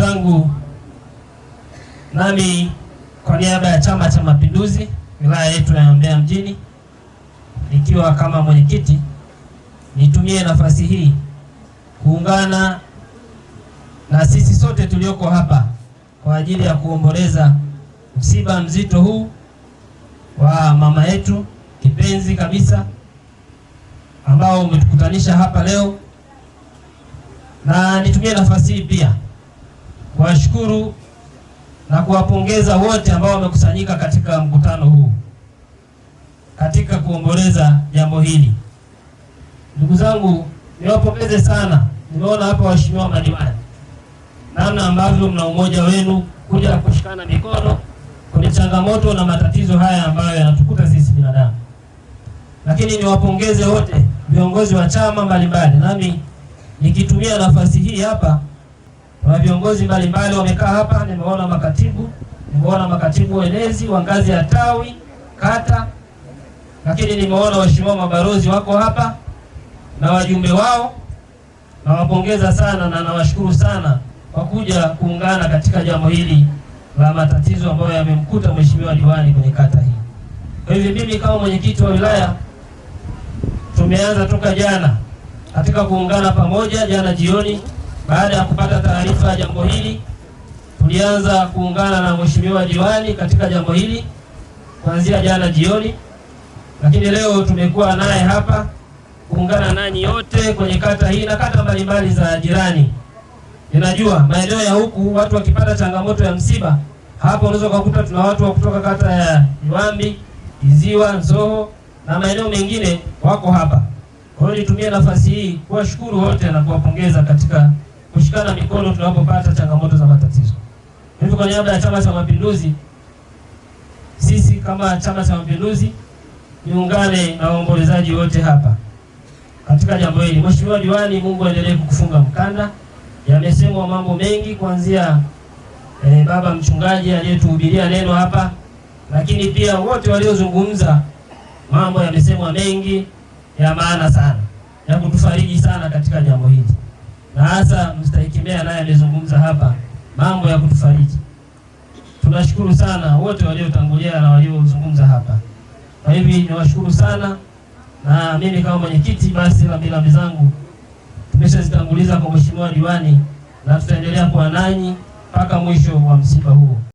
wenzangu, nami kwa niaba ya Chama cha Mapinduzi wilaya yetu ya Mbeya mjini, nikiwa kama mwenyekiti, nitumie nafasi hii kuungana na sisi sote tulioko hapa kwa ajili ya kuomboleza msiba mzito huu wa mama yetu kipenzi kabisa ambao umetukutanisha hapa leo, na nitumie nafasi hii pia kuwashukuru na kuwapongeza wote ambao wamekusanyika katika mkutano huu katika kuomboleza jambo hili. Ndugu zangu, niwapongeze sana. Nimeona hapa waheshimiwa madiwani, namna ambavyo mna umoja wenu kuja kushikana mikono kwenye changamoto na matatizo haya ambayo yanatukuta sisi binadamu. Lakini niwapongeze wote viongozi wa chama mbalimbali, nami nikitumia nafasi hii hapa kuna viongozi mbalimbali wamekaa hapa, nimeona makatibu, nimeona makatibu wenezi wa ngazi ya tawi, kata, lakini nimeona waheshimiwa mabalozi wako hapa na wajumbe wao. Nawapongeza sana na nawashukuru sana kwa kuja kuungana katika jambo hili la matatizo ambayo yamemkuta mheshimiwa diwani kwenye kata hii. Kwa hivyo mimi kama mwenyekiti wa wilaya tumeanza toka jana katika kuungana pamoja, jana jioni baada ya kupata taarifa ya jambo hili. Tulianza kuungana na mheshimiwa diwani katika jambo hili kuanzia jana jioni, lakini leo tumekuwa naye hapa kuungana nanyi yote kwenye kata hii na kata mbalimbali za jirani. Ninajua maeneo ya huku watu wakipata changamoto ya msiba, hapo unaweza kukuta tuna watu wa kutoka kata ya Iwambi, Iziwa, Nzoho na maeneo mengine wako hapa. Kwa hiyo nitumie nafasi hii kuwashukuru wote na kuwapongeza katika kushikana mikono tunapopata changamoto za matatizo. Mimi kwa niaba ya Chama cha Mapinduzi, sisi kama Chama cha Mapinduzi niungane na waombolezaji wote hapa katika jambo hili. Mheshimiwa Diwani, Mungu aendelee kukufunga mkanda. Yamesemwa mambo mengi kuanzia eh, baba mchungaji aliyetuhubiria neno hapa, lakini pia wote waliozungumza, mambo yamesemwa mengi ya maana sana ya kutufariji sana katika jambo hili na hasa mstahikimea naye alizungumza hapa mambo ya kutufariji. Tunashukuru sana wote waliotangulia na waliozungumza hapa. Kwa hivi niwashukuru sana, na mimi kama mwenyekiti basi la rambirambi zangu tumeshazitanguliza kwa mheshimiwa diwani na tutaendelea kuwa nanyi mpaka mwisho wa msiba huo.